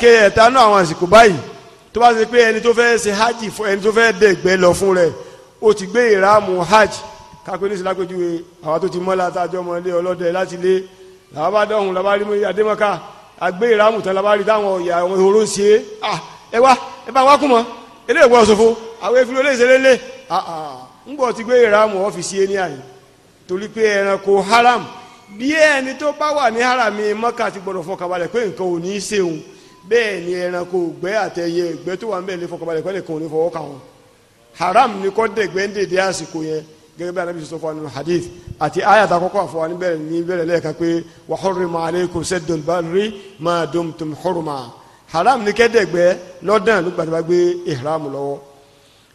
ẹlẹ́ẹ̀kẹta náà àwọn àsìkò báyìí tó bá ṣe pé ẹni tó fẹ́ ṣe hajj fún ẹni tó fẹ́ dẹ̀gbẹ́ lọ fún rẹ̀ ó ti gbé ìràmù hajj kápẹ́ ní ìsìlápẹ́júwe àwọn tó ti mọ́ látàjọ́ ọmọdé ọlọ́dẹ láti lé làwọn bá dọ̀hún làwọn bá rí adémọ́ká àgbé ìràmù tán làwọn bá rí táwọn ọ̀yà àwọn ehoro ń ṣe ah, ẹ wá ẹ bá wá kú mọ́ eléyìí wọ́n ṣòfò àwọn efi ló ah, ah, ńgbọ́ ti gbé ìràmù ọ́fíìsì ẹni àyè torí pé ẹranko haram bí ẹni tó bá wà ní harami mọ́kà ti gbọ́dọ̀ fọkàbalẹ̀ pé nǹkan ò ní í ṣe òun bẹ́ẹ̀ ni ẹranko ògbẹ́ àtẹyẹ ìgbẹ́ tó wà ń bẹ̀ lè fọkànbalẹ̀ pẹ́lẹ̀ kan ò ní fọwọ́ kà wọ́n haram ni kọ́ dẹ̀gbẹ́ ń dèdè àsìkò yẹn gẹ́gẹ́ bí anabi sọ fún wa hadith àti ayat àkọ́kọ́ àfọwọ́ níbẹ̀rẹ̀ níbẹ̀rẹ̀ lẹ́ẹ̀ka pé wa hurrima alaykum saddul barri ma dumtum hurma haram ni kẹ́dẹ̀gbẹ́ lọ́dàn nígbà tí gbé ihram lọ́wọ́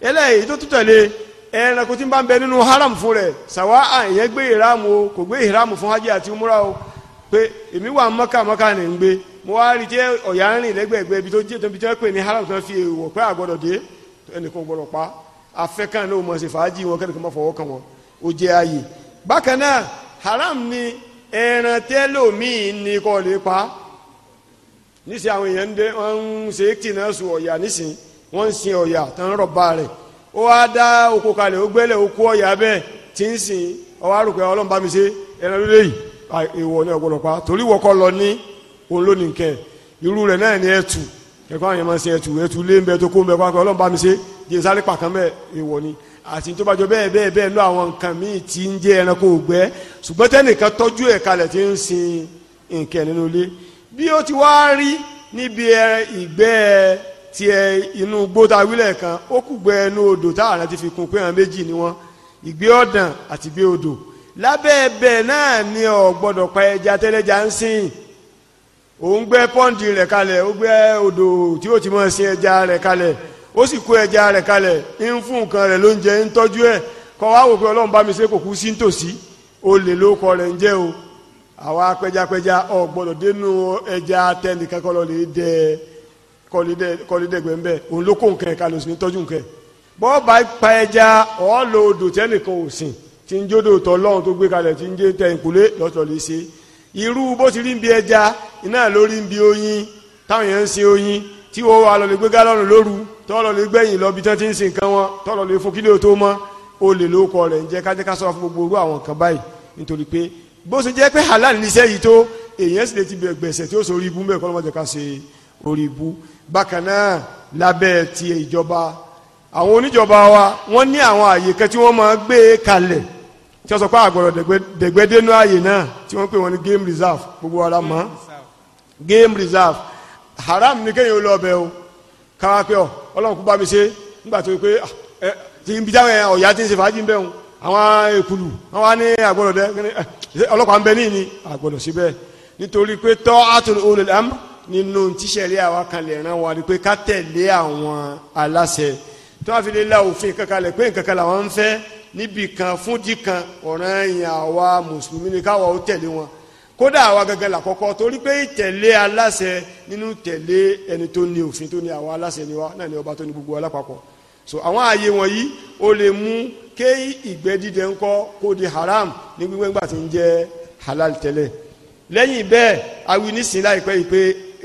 eléyìí tó tẹ̀lé ẹranko tí ń bá ń bẹ nínú haram fún rẹ̀ sàwa ihram o kò gbé ihram fún hajj àti pé èmi wà mọ́kà mọ́kà ní ń gbé mo wá rí jẹ́ ọ̀yà ń rìn lẹ́gbẹ̀ẹ́gbẹ́ ibi tó jẹ́ tó pè ní haram tó fi èèwọ̀ pé àgbọ̀dọ̀ dé ẹnìkan gbọ́dọ̀ pa afẹ́kàn ló mọ̀ sí fàájì wọn kẹ́nìkan má fọwọ́ kan ó jẹ́ ààyè haram ni ẹran tẹ́lòmíì ni kò lè pa níṣẹ́ àwọn èèyàn ń dé wọ́n ń ṣe náà sùn ọ̀yà nísìn wọ́n ń sin ọ̀yà rọ̀bà rẹ̀ ó wá dá ìwọ ni ọgbọ́dọ̀ pa torí wọkọ lọ ní òun ló ní nkẹ irú rẹ náà ní ẹtù ẹ̀kọ́ àwọn yẹn máa ń ṣe ẹtù ẹtù lé ń bẹ tó kó ń bẹ kó Ọlọ́run bá mi ṣe jẹ sáré pàkán bẹ ìwọ ni àti tó bá jọ bẹ́ẹ̀ bẹ́ẹ̀ bẹ́ẹ̀ lọ àwọn nǹkan míì tí ń jẹ́ ẹranko ògbẹ́ ṣùgbọ́n tẹ́nìkan tọ́jú ẹ̀ kalẹ̀ tí ń sin nǹkan nínú ilé bí ó ti wá rí níbi ìgbẹ́ tiẹ̀ inú gbóta wílẹ̀ kan ó kùgbẹ́ inú odò táwọn àti fi kún pé àwọn méjì ni wọ́n ìgbẹ́ ọ̀dàn àti ìgbẹ́ odò lábẹ́ ẹbẹ̀ náà ni ọ̀ pa ẹja tẹ́lẹ́jà ń sìn ò ń gbẹ́ pọ́ǹdì rẹ̀ kalẹ̀ ó gbẹ́ odò tí ó ti mọ̀ sin ẹja rẹ̀ kalẹ̀ ó sì kó ẹja rẹ̀ kalẹ̀ ń fún nǹkan rẹ̀ lóúnjẹ ń tọ́jú ẹ̀ kọ́ wá wò pé ọlọ́run bá mi ṣe kò kú sí o àwa pẹjapẹja ọ̀ dénú ẹja lè dẹ òun ló kó nǹkan ẹ̀ka tọ́jú nǹkan bọ́ọ̀ tí ń jódò tọ́ lọ́hùn tó gbé kalẹ̀ tí ń jẹ́ tẹ̀ ìkúlé lọ́tọ̀ lè ṣe irú bó ti rí ń bi ẹja iná lórí ń bi oyin táwọn yẹn ń sin oyin tí wọ́n wà lọ́ọ́ lè gbé gálọ́ọ̀nù lóru tọ́ lè gbẹ̀yìn lọ́ọ́ bí tán ti ń sin nǹkan wọn tọ́ lè fún kílíò tó mọ́ o lè lo ọkọ rẹ̀ ń jẹ́ kájẹ́ ká sọ́ra fún gbogbo orú àwọn nǹkan báyìí nítorí pé bó ṣe jẹ́ pé halal níṣẹ́ yìí tó èèyàn sì lè ti gbẹ̀sẹ̀ tí ó so orí ibú mẹ́ẹ̀kọ́ lọ́mọdé ká ṣe orí ibú bákan náà lábẹ́ wa wọ́n ní àwọn àyè kan tí wọ́n sọ pé àgbọ̀rọ̀ dẹ̀gbẹ́dẹ́nu ààyè náà tí wọ́n pè wọ́n ní game reserve gbogbo ara mọ́ game reserve haram ni kéèyàn lọ ọbẹ̀ o káwá pé ọ ọlọ́run kú bá mi ṣe nígbà tó pé ah, ẹ ti ń bi táwọn ọ̀yá ti ń ṣe fàájì ń bẹ̀ wọn àwọn èkúlù àwọn ní àgbọ̀rọ̀ dẹ eh, ọlọ́pàá ń bẹ níyì ni àgbọ̀rọ̀ síbẹ̀ nítorí pé tọ́ àtúntò olùdámù nínú tíṣẹ̀lẹ̀ àwa kan lè ràn wá ni pé ká tẹ̀lé àwọn aláṣẹ tó wá fi lè la òfin kankan lẹ̀ pé nǹkan làwọn ń fẹ́ níbì kan fúndì kan ọ̀ràn ẹ̀yìn àwa mùsùlùmí ni káwa ó tẹ̀lé wọn kódà àwa gangan làkọ́kọ́ torí pé ìtẹ̀lé aláṣẹ nínú tẹ̀lé ẹni tó ní òfin tó ní àwa aláṣẹ ni wa náà ni ọba tó ní gbogbo alápapọ̀ so àwọn ààyè wọ̀nyí ó lè mú ké ìgbẹ́ dídẹ ńkọ́ kó di haram ní gbígbẹ́ ńgbà tí ń jẹ́ halal tẹ́lẹ̀ lẹ́yìn bẹ́ẹ̀ awi nísìnyí láìpẹ́ yìí pé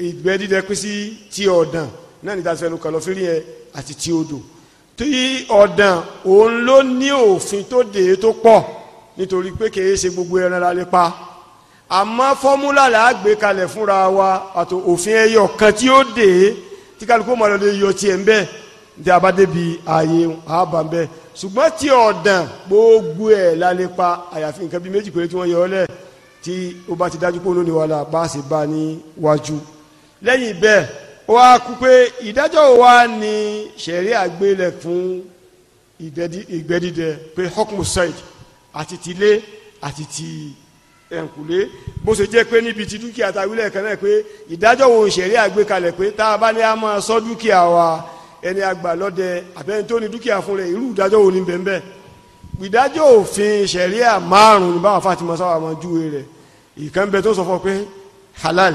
ìgbẹ́ dídẹ pín sí ti ọ̀dàn náà níta fẹnu kàlọ́fírí yẹn àti ti odò tí ọ̀dàn òun ló ní òfin tó dé tó pọ̀ nítorí pé kìí ṣe gbogbo ẹran la lè pa àmọ́ fọ́múlà là á gbé kalẹ̀ fúnra wa àti òfin ẹyọ kan tí ó dé tí kálukú mọ̀ lọ́dọ̀ yọ tiẹ̀ ń bẹ́ẹ̀ tí a bá débi ààyè àbá ń bẹ́ẹ̀ ṣùgbọ́n tí ọ̀dàn gbogbo ẹ̀ la pa àyàfi nǹkan bíi méjì péré tí wọ́n yọ ọ́ lẹ̀ tí ó bá ti dájú pé olóníwàlà bá a sì bá a níwájú lẹ́yìn bẹ́ẹ̀ ó wá kú pé ìdájọ́ wo wá ní ṣẹ̀ríà gbélẹ̀ fún ìgbẹ́dídẹ pé hukmu said àti tilé àti ti ẹ̀ǹkùlé bó ṣe jẹ́ pé níbi ti dúkìá ta wílẹ̀ kan náà pé ìdájọ́ wo ṣẹ̀ríà gbé kalẹ̀ pé tá a bá ní a máa sọ dúkìá wa ẹni àgbà lọ́dẹ àbẹ́ni tó ní dúkìá fún rẹ̀ irú ìdájọ́ wo ni bẹ́ẹ̀ bẹ́ẹ̀ ìdájọ́ òfin ṣẹ̀ríà márùn-ún ní báwọn Fatima sábà máa júwe rẹ̀ ìkànnì bẹ tó sọ fún pé halal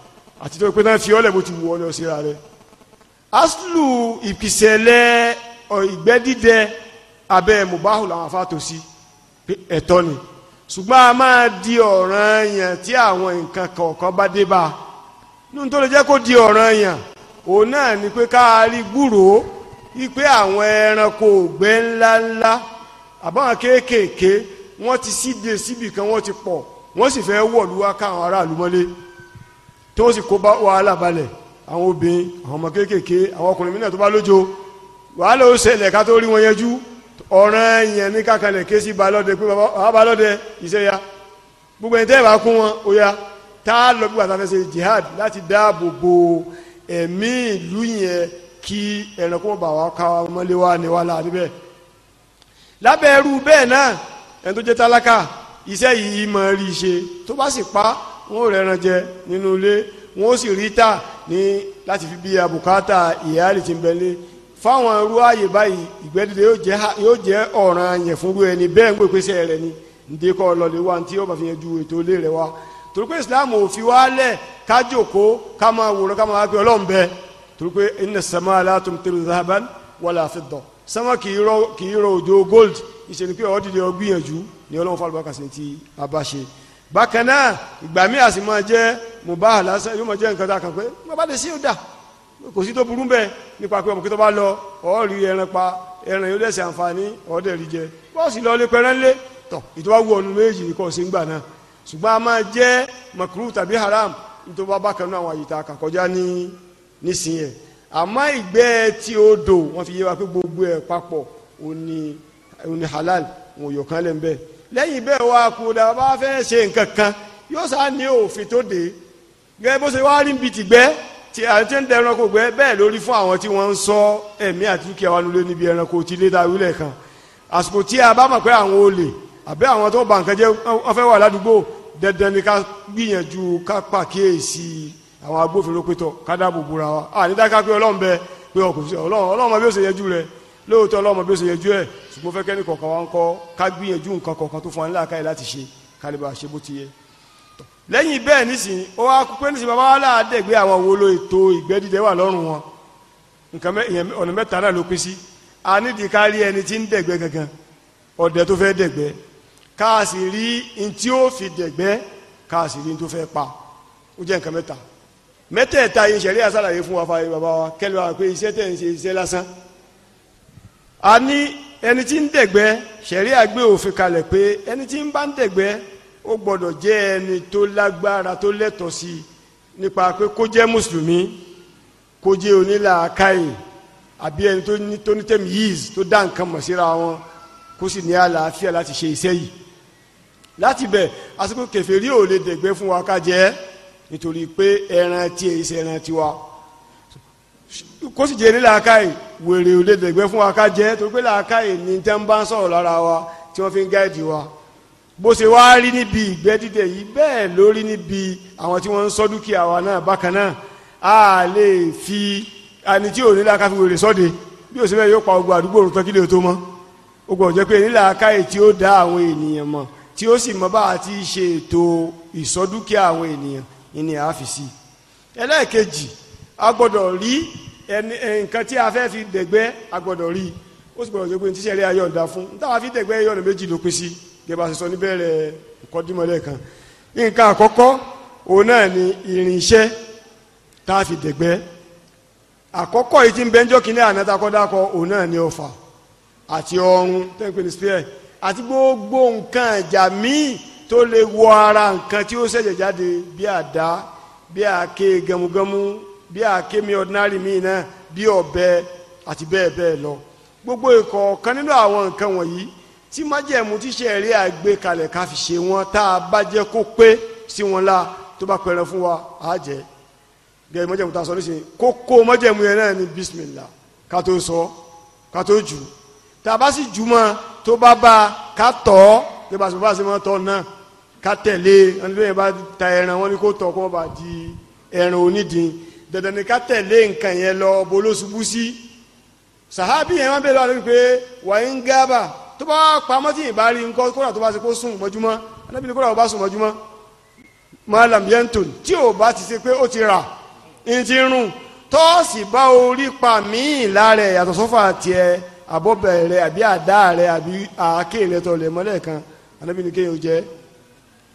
àti tó pé náà fi ọ́lẹ̀ bó ti wù ọ́ lọ síra rẹ̀ aslu ìpìsẹ̀lẹ̀ ìgbẹ́ abẹ́ mubahu làwọn afáàtò sí ẹ̀tọ́ ni ṣùgbọ́n a máa di ọ̀ràn yẹn tí àwọn nǹkan kọ̀ọ̀kan bá dé bá a nínú tó lè jẹ́ kó di ọ̀ràn yẹn òun náà ni pé ká rí gbúròó wípé àwọn ẹranko ògbẹ́ ńláńlá àbáwọn kéékèèké wọ́n ti síde síbì kan wọ́n ti pọ̀ wọ́n sì fẹ́ wọ̀lú káwọn aráàlú mọ́lé tó sì kó bá wàhálà balẹ̀ àwọn obìnrin àwọn ọmọ kéékèèké àwọn ọkùnrin mìíràn tó bá lójó wàhálà ó ṣẹlẹ̀ ká tó rí wọn yẹjú ọ̀ràn yẹn ní kákalẹ̀ ké sí balọ̀dẹ pé bàbá balọ̀dẹ iṣẹ́ ya gbogbo ẹni tẹ́ ẹ bá kún wọn ó ya tá a lọ gbígbà tá a fẹ́ ṣe jihad láti dáàbò bo ẹ̀mí ìlú yẹn kí ẹranko bá wa ká ọmọlé wa ní wàhálà níbẹ̀ lábẹ́ ẹrú bẹ́ẹ̀ náà ẹni tó jẹ́ tálákà iṣẹ́ yìí máa rí i tó bá sì pa á wọn ò rẹran jẹ nínú ilé wọn ò sì rí tà ní láti fi bí abùkátà ìyáàlì tí ń bẹ lé fáwọn irú ààyè báyìí ìgbẹ́dìde yóò jẹ́ ọ̀ràn yẹn fúnrú ẹni bẹ́ẹ̀ ń pè pèsè rẹ ni ǹdẹ kọ́ lọ́lẹ̀ wa ntí yóò bá fi yẹn ju ètò ilé rẹ wa torí pé Islam ò fi wá lẹ̀ ká jòkó ká máa wòrán ká máa gbé ọlọ́run bẹ́ẹ̀ torí pé inna samaa la tumtiru zahaban wala fidda sánmà kì í rọ kì í rọ òjò gold ìṣèlú pé ọ̀ọ́dìdẹ ọgbìyànjú ni ọlọ́run fàlùbákàsí ti abáṣe bákan náà ìgbà míì àsì máa jẹ́ mubah lásán yóò máa jẹ́ nǹkan tá a kàn pé mo bá lè sí ọ̀dà kò sí tó burú bẹ́ẹ̀ nípa pé ọmọ kí tó bá lọ ọ̀ rí ẹran pa ẹran yóò dẹ̀sẹ̀ àǹfààní ọ̀ọ́dẹ̀ rí jẹ bọ́ọ̀sì lọ lé pẹran lé tọ̀ ìtọ́wá wù ọ̀nù méjì nìkan sí gbà náà ṣùgbọ́n a máa jẹ́ makruh tàbí haram nítorí bá bákan náà àwọn àyíká kàkọjá ní nísìnyẹ àmọ́ ìgbẹ́ tí ó dò wọ́n fi yé wa pé gbogbo ẹ̀ papọ̀ òní halal òun yọ̀kan lẹ́ bẹ́ẹ̀ lẹ́yìn bẹ́ẹ̀ wá kúndà bá fẹ́ ṣe nǹkan kan yóò sá ní òfin tó dé gẹ́gẹ́ bó ṣe wá rí bíi tìgbẹ́ tí àwọn tí ń da ẹranko gbẹ́ bẹ́ẹ̀ lórí fún àwọn tí wọ́n ń sọ ẹ̀mí àti dúkìá wa nulẹ̀ níbi ẹranko ti lé ta wílẹ̀ kan àsìkò tí a bá mọ̀ pé àwọn olè àbẹ́ àwọn tó bà nǹkan jẹ́ wọ́n fẹ́ wà ládùúgbò dandan ni ká gbìyànjú ká pàkíyèsí àwọn agbófinró pétọ ká dáàbò bora wa àní dáká ọlọ́run bẹ pé ọkùnrin ọlọ́run ọlọ́run bí ó ṣe yẹjú rẹ̀ lóòótọ́ ọlọ́mọ bí ó ṣe yẹjú ẹ̀ ṣùgbọ́n fẹ́ kẹ́ni kọ̀ọ̀kan wa ń kọ́ ká gbìyànjú nǹkan kọ̀ọ̀kan tó fún wa nílà káyè láti ṣe kálíbà ṣe bó ti yẹ. lẹ́yìn bẹ́ẹ̀ nísìnyí ó wá kú pé nísìnyí bàbá wa láàdẹ́gbé àwọn wo lo ètò ìgbẹ́ dídẹ́ wà lọ́rùn wọn nǹkan ọ̀nà mẹ́ta náà ló pín sí a nídìí ká rí ẹni tí ń dẹ̀gbẹ́ gangan ọ̀dẹ tó fẹ́ dẹ̀gbẹ́ ká sì rí n tí ó fi dẹ̀gbẹ́ ká sì rí n tó fẹ́ pa ó jẹ́ nǹkan mẹ́ta mẹ́tẹ̀ẹ̀ta yìí ṣẹ̀rí àṣàlàyé fún wa fàáyé bàbá wa kẹ́lẹ́ wa pé iṣẹ́ tẹ̀ ń ṣe iṣẹ́ a ní ẹni tí ń dẹ̀gbẹ́ ṣẹ̀rí àgbẹ̀ òfin kalẹ̀ pé ẹni tí ń bá ń dẹ̀gbẹ́ ó gbọ́dọ̀ jẹ́ ẹni tó lágbára tó lẹ́tọ̀ọ́ sí i nípa pé kó jẹ́ mùsùlùmí kó jẹ́ onílàákàyè àbí ẹni tó ní tó ní tẹ̀mí yíìs tó dá nǹkan mọ̀ síra wọn kó sì ní àlàáfíà láti ṣe iṣẹ́ yìí láti bẹ̀ àsìkò kèfèrí ò lè dẹ̀gbẹ́ fún wa ká jẹ́ nítorí pé ẹran tiẹ̀ iṣẹ́ tiwa kó sì jèrè làákàyè wèrè ò lè dẹ̀gbẹ́ fún wa ká jẹ́ torí pé làákàyè ní tẹ́ ń bá ń sọ̀rọ̀ lára wa tí wọ́n fi ń gáàdì wa bó ṣe wá rí níbi ìgbẹ́ dídẹ̀ yìí bẹ́ẹ̀ ló rí níbi àwọn tí wọ́n ń sọ dúkìá wa náà bákan náà a lè fi àní tí ò ní làákà fi wèrè sọ́de bí ó ṣe bẹ́ẹ̀ yóò pa ogun àdúgbò òrùn tán kí lè tó mọ́ ogun ọ̀jẹ́ pé ní làákàyè tí ó dá àwọn ènìyàn mọ̀ tí ó sì mọ bá a ti ṣe ètò ìsọdúkìá àwọn ènìyàn ní àáfìsí ẹlẹ́ẹ̀kejì a rí ẹni eh, nǹkan tí a fẹ́ fi dẹ̀gbẹ́ agbọ́dọ̀ rí ó sì gbọ́dọ̀ jẹ́ pé ní tíṣẹ̀lẹ̀ ayọ̀ ọ̀dà fún un táwa fi dẹ̀gbẹ́ yọ̀ ọ̀nà méjì ló pín sí gẹ̀bà sísọ níbẹ̀rẹ̀ ìkọ́dímọ̀lẹ̀ kan nǹkan àkọ́kọ́ òun náà ni irinṣẹ́ tá a fi dẹ̀gbẹ́ àkọ́kọ́ yìí ti ń bẹ́ńjọ́ kínní ànátakọ́dákọ́ òun náà ni ọfà àti ọrùn tẹ́ǹpẹ́ ní spear àti gbogbo nǹkan ẹ̀jà míì tó lè wọ ara nǹkan tí ó ṣẹ̀jẹ̀ jáde bí àdá bí àáké gẹmugẹmu bí àkémi ordinary míì náà bí ọ̀bẹ àti bẹ́ẹ̀ bẹ́ẹ̀ lọ gbogbo ìkọ̀ọ̀kan nínú àwọn nǹkan wọ̀nyí tí májẹ̀mú tíṣẹ́ eré àgbékalẹ̀ ká fi ṣe wọn tá a bá jẹ́ kó pé sí wọn la tó bá pẹ̀rẹ̀ fún wa á jẹ́ gẹ́gẹ́ májẹ̀mú tá a sọ ní sìn kókó májẹ̀mú yẹn náà ni bismillah ká tó sọ ká tó jù tá a bá sì jù mọ́ tó bá bá ká tọ́ tó bá sì sì mọ́ tọ́ náà ká tẹ̀lé ẹni tó yẹn bá ta ẹran wọn ni kó tọ́ kó bá di ẹran onídìí dandan ni ká tẹ̀lé nǹkan yẹn lọ bolóṣubú sí sàhábì yẹn wọn bẹ lọ àdúgbò pé wàá ń gábà tó bá pamọ́ tí ìbá rí nǹkan kódà tó bá ṣe kó sùn mọ́júmọ́ anábì ní kódà ó bá sùn mọ́júmọ́ malam yenton tí ò bá ti ṣe pé ó ti rà ń ti rún tọ́ọ̀sì bá orí pa míì lára yàtọ̀ sọ́fà tiẹ̀ abọ́bẹ̀ àbí àdá rẹ̀ àbí àáké rẹ̀ tọ̀ mọ́lẹ̀ kan anábì ní kéèyàn jẹ́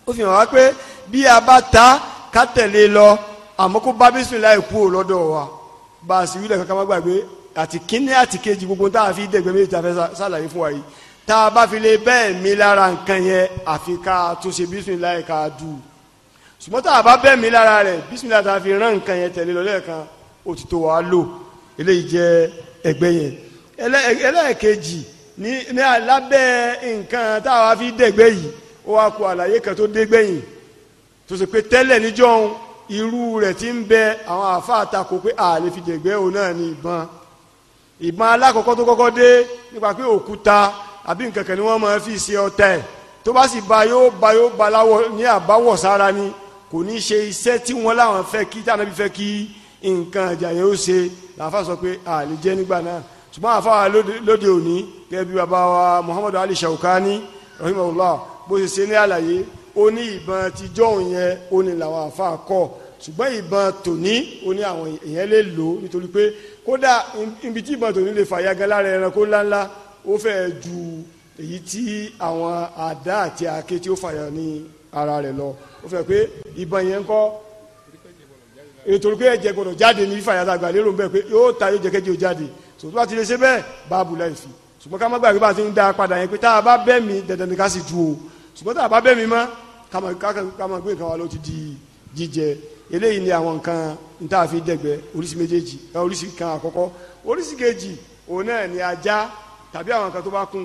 ó fi hàn wá pé bí a bá ta ká tẹ̀lé lọ àmọ́ kó bá bísímìláì kú ò lọ́dọ̀ wa bá a sì wílẹ̀ kankan má gbàgbé àti kínní àti kejì gbogbo tá a fi dẹ̀gbẹ́ méjì tá a fẹ́ sàlàyé fún wa yìí tá a bá fi lè bẹ́ẹ̀ mi lára nǹkan yẹn àfi ká tó ṣe bísímìláì ká dù ú ṣùgbọ́n tá a bá bẹ́ẹ̀ mi lára rẹ̀ bísímìláì tá a fi rán nǹkan yẹn tẹ̀lé lọ́lẹ́ẹ̀kan ó ti tó wàá lò eléyìí jẹ́ ẹgbẹ́ yẹn ẹlẹ́ẹ̀kejì ní alábẹ́ nǹkan tá a fi dẹ̀gbẹ́ yìí ó wá kó àlàyé kan tó dégbẹ́yìn tó ṣe pé tẹ́lẹ̀ níjọ́ òun irú rẹ̀ ti ń bẹ àwọn àfa àtakò pé a lè fi dẹ̀gbẹ́ òun náà ní ìbọn ìbọn alákọ̀ọ́kọ́ tó kọ́kọ́ dé nípa pé òkúta àbí nǹkan kan ni wọ́n máa fi ṣe ọ̀tẹ̀ ẹ̀ tó bá sì ba yóò ba yóò ba láwọ ní àbáwọ̀ sára ni kò ní ṣe iṣẹ́ tí wọ́n láwọn fẹ́ kí tí ànábi fẹ́ kí nǹkan ìjà yẹn ó ṣe làáfà sọ pé a lè jẹ́ nígbà náà ṣùgbọ́n àfa lóde òní gẹ́gẹ́ bí baba wa Muhammadu Ali Shaukani rahimahullah bó ṣe ṣe ní àlàyé ó ní ìbọn àtijọ́ yẹn ó ní làwọn àfa kọ́ ṣùgbọ́n ìbọn tòní ó ní àwọn èèyàn lè lò ó nítorí pé kódà ibi tí ìbọn tòní lè fàyà gan lára ẹranko ńláńlá ó fẹ́ẹ́ ju èyí tí àwọn àdá àti àáké tí ó fàyà ní ara rẹ̀ lọ ó fẹ́ pé ìbọn yẹn ń kọ́ ètòrí pé ẹ̀jẹ̀ gbọ́dọ̀ jáde ní fífa yàtọ̀ àgbà lérò bẹ́ẹ̀ pé yóò ta yóò jẹ́ kẹ́jẹ́ jáde sòtú àti lè ṣe bẹ́ẹ̀ báàbù láìfi ṣùgbọ́n ká má gbàgbé bá a ti ń da padà yẹn pé tá a bá bẹ́ẹ̀ mi dandan ni ká sì ju o ṣùgbọ́n tá a bá bẹ́ẹ̀ mi mọ́ Kama gbé nǹkan wa ló ti di jíjẹ eléyìí ni àwọn nǹkan níta fi dẹ̀gbẹ́ oríṣi méjèèjì oríṣi kan àkọ́kọ́ oríṣi kejì òun náà ni ajá tàbí àwọn nǹkan tó bá kún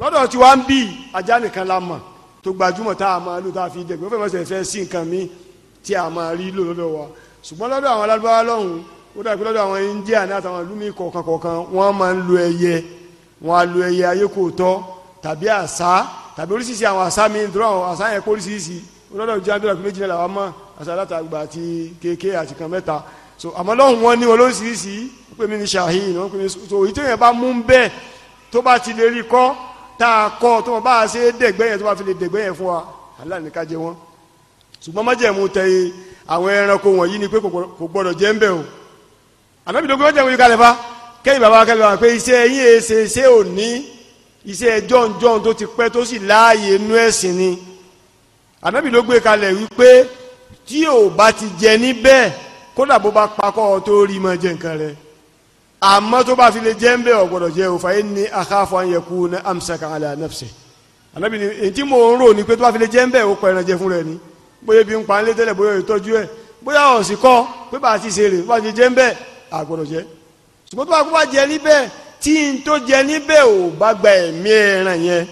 lọ́dọ̀ tí wàá ń bì ajá nìkan la mọ̀ tó gbajúmọ̀ tá a máa lò tá a fi dẹ̀gbẹ́ ó fẹ́ mọ̀ sẹ̀ sí nǹkan mi tí a máa rí lò lọ́dọ̀ wa ṣùgbọ́n lọ́dọ̀ àwọn alábáwá lọ́hùn ó dàbí lọ́dọ̀ àwọn India ní àtàwọn ìlú mi kọ̀ọ̀kan máa ń lo ẹyẹ wọ́n á lo ẹyẹ ayé kò tọ́ tàbí àṣá tàbí oríṣiríṣi àwọn àṣà mi dúró àwọn àṣà yẹn kó oríṣiríṣi olódò jẹ́ abẹ́rẹ́ kí méjì náà làwọn mọ̀ àṣà látàgbà àti kéèké àti kan mẹ́ta so àmọ́ lọ́hùn wọn ní olóríṣiríṣi wọ́n pè ní ṣàhìn wọ́n pè mí so èyí tó yẹn bá mú bẹ́ẹ̀ tó bá ti lè rí kọ́ tá a kọ́ tó wọn bá a ṣe dẹ̀gbẹ́ yẹn tó bá fi lè dẹ̀gbẹ́ yẹn fún wa aláàní ká jẹ wọn ṣùgbọ́n májẹ̀mú tẹ̀yìn àwọn ẹranko wọ̀nyí ni pé kò gbọ́dọ̀ jẹ́ ń bẹ̀ o ànábìdógún májẹ̀mú yìí kalẹ̀ fa kẹ́yìn bàbá kalẹ̀ wa pé iṣẹ́ yín èsèse e òní iṣẹ́ jọ̀njọ̀n tó ti pẹ́ tó sì láàyè inú ẹ̀sìn ni ànábì ló gbé kalẹ̀ wípé tí ò bá ti jẹ níbẹ̀ kódà bó bá pakọ́ tó rí mọ́ jẹ nǹkan rẹ̀ àmọ́ tó bá fi lè jẹ́ ń bẹ̀ ọ̀gbọ́dọ̀ jẹ́ òfà yìí ni akhafu an yakuna amsaka ala nafsi ànábì ni èyí tí mò ń rò ní pé tó bá fi lè jẹ́ ń bẹ̀ pa ẹran fún rẹ̀ ni bóyá bí ń pa nílé tẹ́lẹ̀ bóyá ìtọ́jú ẹ̀ bóyá ọ̀sìn kọ́ pé bá a ti ṣe rè bá a ti jẹ́ ń àgbọ̀dọ̀ jẹ́ ṣùgbọ́n tó bá kó bá jẹ níbẹ̀ tí n tó jẹ níbẹ̀ ò bá gba ẹ̀mí ẹran yẹn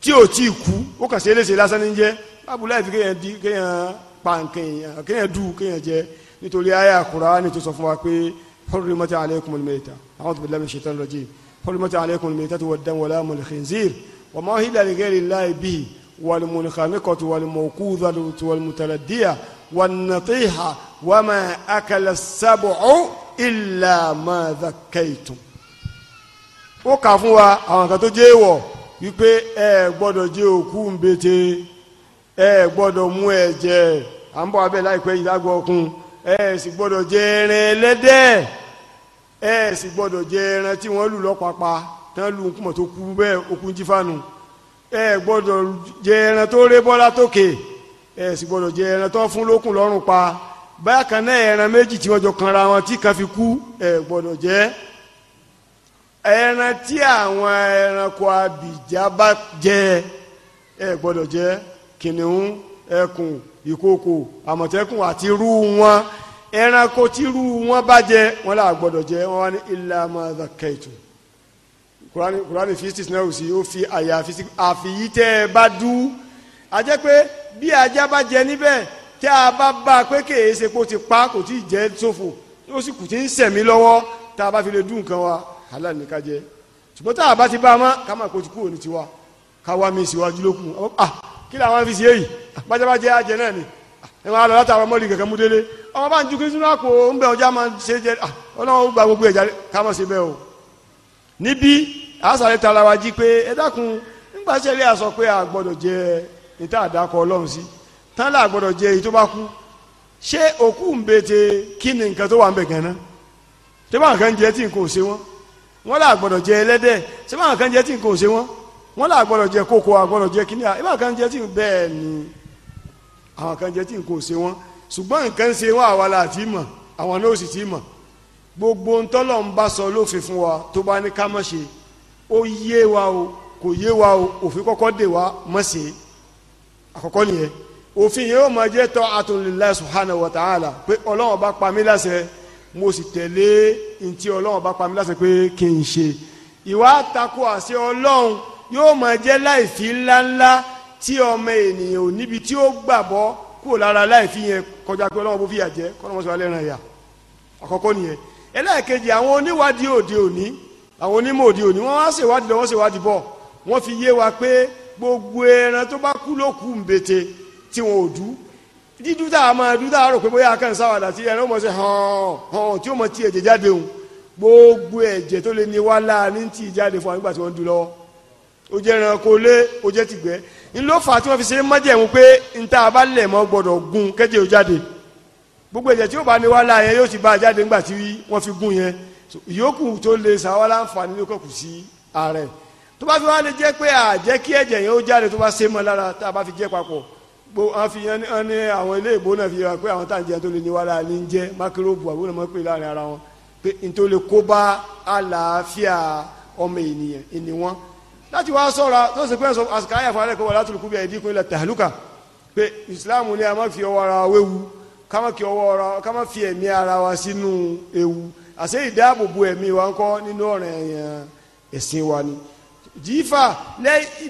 tí ò tí kú ó kàn sí eléṣe lásán ní jẹ́ bábúlá ìfi kéèyàn di kéèyàn pa kéèyàn kéèyàn dù kéèyàn jẹ nítorí àyá Kùránì tó sọ fún wa pé hurrimat alaykumul mayta a'udhu billahi minash shaitanir rajim hurrimat alaykumul maytatu wad-damu wa lahmul khinzir wa ma uhilla li ghayri llahi bihi والمنخنقة والموقوذة والمتردية والنطيحة وما أكل السبع إلا ما ذكيتم ó kà fún wa àwọn kan tó jẹ́ èèwọ̀ wípé ẹ gbọ́dọ̀ jẹ́ òkú ńbete ẹ gbọ́dọ̀ mú ẹ̀jẹ̀ à ń bọ̀ abẹ́ láìpẹ́ yìí lágbo ọkùn ẹ sì gbọ́dọ̀ jẹ ẹran ẹlẹ́dẹ̀ ẹ sì gbọ́dọ̀ jẹ ẹran tí wọ́n lù lọ́pàpá tán lù nkúmọ̀ tó kú bẹ́ẹ̀ okùn jífànù ẹ gbọ́dọ̀ jẹ ẹran tó ré bọ́lá tókè ẹ sì gbọ́dọ̀ jẹ ẹran tó fún lókùn lọ́rùn pa bákan náà ẹran méjì tí wọ́n jọ kanra wọn tí kan fi kú ẹ gbọ́dọ̀ jẹ ẹ́ ẹran tí àwọn ẹranko abìjà bá jẹ ẹ gbọdọ jẹ kìnìún ẹkùn ìkookò àmọ̀tẹ́kùn àti rú wọn ẹranko tí rú wọn bá jẹ wọn là gbọdọ jẹ wọn wá ní kurani kurani náà sì ó fi àyà àfiyí tẹ́ bá dú a pé bí ajá bá jẹ a bá kò tí ì ó sì kù tí ń fi lè dún nǹkan wa ala n'i ká jẹ ṣùgbọ́n a ti ba ma kama ká máa kúrò ní tiwa mi ah kí làwọn fi ṣe èyí ah, bájábájá ajẹ náà ni ah, ẹ máa lọ látara mọ́lì kankan mú délé ọmọ bá ń ju ń jẹ ah, gba gbogbo ẹ̀já ká mọ̀ ṣe o níbí àṣàlẹ̀ tara wa jí pé pé a gbọ́dọ̀ sí ni nǹkan tó wà ń bẹ gan wọ́n là gbọ́dọ̀ jẹ ẹlẹ́dẹ̀ ṣé báwọn kan jẹ tí nǹkan ò ṣe wọ́n wọ́n là gbọ́dọ̀ jẹ kókó àgbọ́dọ̀ jẹ kíní à ìbá kan jẹ tí bẹ́ẹ̀ ni àwọn kan jẹ tí nǹkan ò ṣe wọ́n ṣùgbọ́n nǹkan ṣe wọ́n àwa là ti mọ̀ àwọn náà sì ti mọ̀ gbogbo ntọ́lọ̀ ń bá sọ lófin fún wa tó bá ní ká má ṣe ó yé wa o kò yé wa o òfin kọ́kọ́ dè wa má ṣe àkọ́kọ́ nìyẹn òfin yìí ó máa jẹ́ tọ́ àtúnlélá subhanahu wa ta'ala pé ọlọ́run bá pa mí láṣẹ mo sì tẹ̀lé ntí ọlọ́run bá pa mí láṣẹ pé kí n ṣe ìwà àtakò àṣẹ ọlọ́run yóò máa jẹ́ láìfi ńláńlá tí ọmọ ènìyàn ò níbi tí ó gbàgbọ́ kúrò lára láìfi yẹn kọjá pé ọlọ́run bó fìyà jẹ́ kọ́nọ́mọ́sọ alẹ́ ràn yà àkọ́kọ́ nìyẹn ẹlẹ́ẹ̀kejì àwọn oníwádìí òde òní àwọn onímọ̀ òde òní wọ́n wá ṣèwádìí lọ́wọ́ ṣèwádìí bọ̀ wọ́n fi yé wa pé gbogbo ẹran tó bá kú ló kú ń bete tí wọn ò dú dídúdà máa dúdà rò pé bóyá kàn sáwàdà tí ẹran mọ̀ sí hàn hàn tí ó mọ̀ tí ẹ̀jẹ̀ jáde òun gbogbo ẹ̀jẹ̀ tó lè ní wá láàrin tí ìjáde fún àgbà tí wọ́n ń dun lọ́wọ́ ó jẹ́ ẹranko lé ó jẹ́ tìgbẹ́ ńlọ́fà tí wọ́n fi ṣe májẹ̀mú pé níta bá lẹ̀ mọ́ gbọ́dọ̀ gun kẹ́jẹ́ ó jáde gbogbo ẹ̀jẹ̀ tí ó bá ní wá láàyè yóò ti bá a jáde nígbà tí wọ́n fi gun yẹn ìyókù tó lè sàwọ́ láǹfààní ló kọ̀kù sí ààrẹ tó bá fi wá lè jẹ́ pé àjẹ́ kí ẹ̀jẹ̀ yẹn ó jáde tó bá ṣe mọ́ lára tá a bá fi jẹ́ papọ̀ wọ́n fi yẹn ní àwọn ilé ìbò náà fi yẹra pé àwọn táǹjẹ́ tó lè ní wàhálà ní jẹ́ mákíròbù àbúrò náà pè láàrin ara wọn pé nítorí kó bá àlàáfíà ọmọ ènìyàn ìní wọn láti wá sọ̀rọ̀ tó ṣe pé sọ àsìkáyà fún alẹ́kọ̀ọ́ wàlá tùlùkù bíi ẹ̀dínkù ilẹ̀ tàlùkà pé ìsìláàmù ni a máa fi ọwọ́ ara wéwu ká má kí ọwọ́ ara ká má fi ẹ̀mí ara wa sínú ewu àṣé ìdáàbòbò ẹ̀mí wa ńkọ́ nínú ọ̀ràn ẹ̀sìn wa ni jífà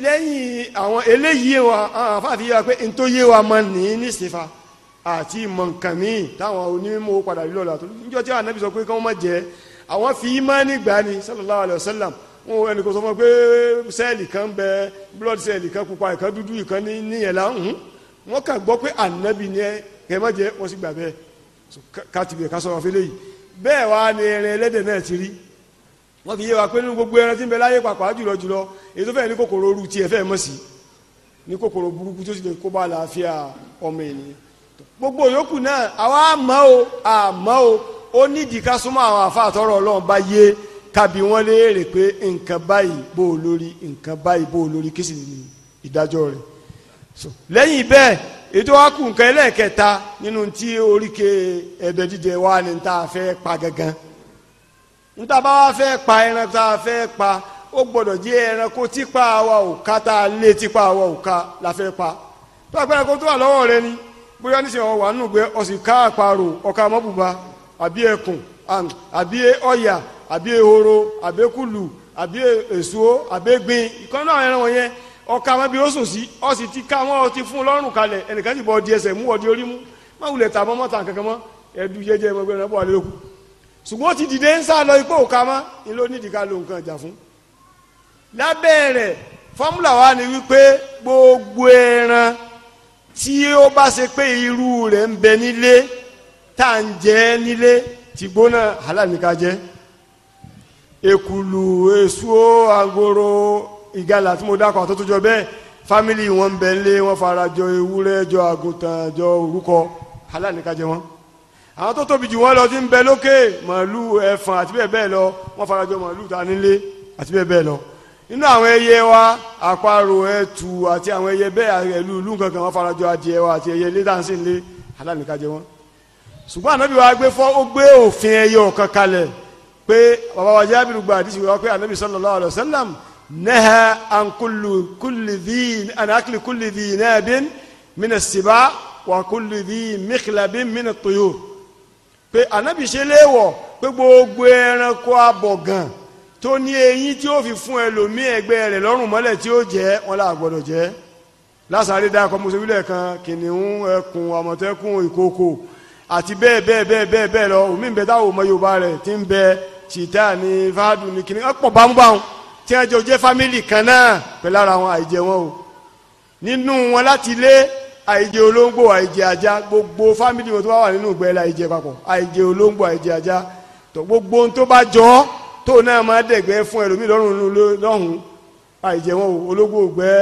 lẹ́yìn àwọn eléyìí wa àfáàfi yé wa pé n tó yé wa mọ ní ní sífà àti ìmọ̀ nǹkan míì táwọn onímọ̀ padà rí lọ́la tó níjọ́ tí ànábì sọ pé kí wọ́n jẹ́ àwọn fi ìmánì gbà ni sallallahu alayhi wa sallam wọn ẹnì kan sọ fún mi pé sẹ́ẹ̀lì kan bẹ blood sẹ́ẹ̀lì kan pupa ìkan dúdú ìkan níyẹn la wọn kà gbọ́ pé ànábì ni ẹ kẹ má jẹ́ wọ́n sì gbà bẹ́ẹ̀ ká tìbẹ̀ ká sọ̀rọ̀ fẹ́lẹ́ yìí bẹ́ẹ̀ wá ni ẹran ẹlẹ́dẹ̀ náà ti rí wọ́n fi yé wa pé nínú gbogbo ẹran tí ń bẹ láyé pàpà jùlọ jùlọ èyí tó fẹ́ ní kòkòrò oru tiẹ̀ fẹ́ mọ̀ sí ní kòkòrò burúkú tó sì lè kó bá àlàáfíà ọmọ ènìyàn gbogbo yòókù náà àwa àmọ́ o àmọ́ o ó nídìí ká súnmọ́ àwọn àfàtọ́rọ̀ ọlọ́run bá yé kábí wọ́n léèrè pé nǹkan báyìí bó o lórí nǹkan báyìí bó o lórí kí sì ní ìdájọ́ rẹ̀ lẹ́yìn bẹ́ẹ̀ ètò akùnkàn ẹlẹ́ẹ̀kẹta nínú ti oríkèé ẹ̀bẹ̀ dídẹ wa ni ta fẹ́ pa gangan níta bá wá fẹ́ pa ẹran tá a fẹ́ pa ó gbọ́dọ̀ jẹ́ ẹran kó tipa wa ò ká tá a lé tipa wa ò ká la fẹ́ pa tó àpẹẹrẹ kó tó wà lọ́wọ́ rẹ ni bóyá níṣẹ́ wọn wà nùgbẹ́ ọ̀sìn ká àparò ọ̀ka mọ́bùbá àbí ẹkùn àbí ọ̀yà àbí ehoro àbí kùlù àbí èso àbí gbin ìkan náà ẹran wọn yẹn ọ̀ka wọn bí ó sùn ti ká wọn ti fún lọ́rùn kalẹ̀ ẹnìkan sì bọ́ di mú ọ̀dí orí mú má wulẹ̀ tà mọ́ tà kankan mọ́ ẹ̀dú jẹ́jẹ́ ẹ̀mọ́gbẹ́rún ẹ̀ ṣùgbọ́n ó ti dìde ń sá lọ ipò òka mọ́ ni ló ní ìdíkà lo nǹkan ìjà fún lábẹ́ rẹ̀ fọ́múlà wa ni wípé gbogbo ẹran tí ó bá ṣe pé irú rẹ̀ ń bẹ nílé tá à ń jẹ nílé tí gbóná halal ní èkùlù èso agoro ìgalà tí mo dákọ̀ tó tó jọ bẹ́ẹ̀ fámìlì wọn ń bẹ nílé wọn fara jọ ewúrẹ́ jọ àgùntàn jọ orúkọ halal jẹ wọn àwọn tó tóbi jù wọ́n lọ ti ń bẹ lókè màálù ẹ̀fọn àti bẹ́ẹ̀ bẹ́ẹ̀ lọ wọ́n farajọ màálù ta nílé àti bẹ́ẹ̀ bẹ́ẹ̀ lọ nínú àwọn ẹyẹ wa àparò ẹtù àti àwọn ẹyẹ bẹ́ẹ̀ ẹ̀lú ìlú kankan wọ́n farajọ adìẹ wa àti ẹyẹ létàǹsì ńlé alámìkájẹ wọn. ṣùgbọ́n ànábì wa gbé fọ́ ó gbé òfin ẹyẹ ọ̀kan kalẹ̀ pé bàbá wa jábìrì gba àdìsí wa pé ànábì sallallahu alaihi wasallam naha an kulli dhi an akli kulli dhi pe ànábì ṣe léèwọ̀ pé gbogbo ẹranko abọ̀gàn tó ní eyín tí ó fi fún ẹlòmíì ẹgbẹ́ rẹ̀ lọ́rùn mọ́lẹ̀ tí ó jẹ́ wọn là gbọ́dọ̀ jẹ́ lásàárẹ̀ dáa kọ́ mọ́sẹ̀ wílẹ̀ kan kìnìún ẹkùn àmọ̀tẹ́kùn ìkòkò àti bẹ́ẹ̀ bẹ́ẹ̀ bẹ́ẹ̀ bẹ́ẹ̀ bẹ́ẹ̀ lọ òmí bẹ́ẹ̀ táwọn ọmọ yorùbá rẹ̀ ti ń bẹ tìta ní fáadù ní kìnìún ọ̀pọ̀ báńbáwọn tí wọ́n jẹ́ fámìlì kan náà pẹ̀lú ara wọn àìjẹ wọn o nínú wọn láti lé àìjẹ olóńgbò àìjẹ ajá gbogbo fámìlì wọn tó wà nínú ìgbẹ́ la àìjẹ papọ̀ àìjẹ olóńgbò àìjẹ ajá tó gbogbo ohun tó bá jọ ọ́ tó náà máa dẹ̀gbẹ́ fún ẹlòmíì lọ́rùn lọ́hùn àìjẹ wọn o olóńgbò gbẹ́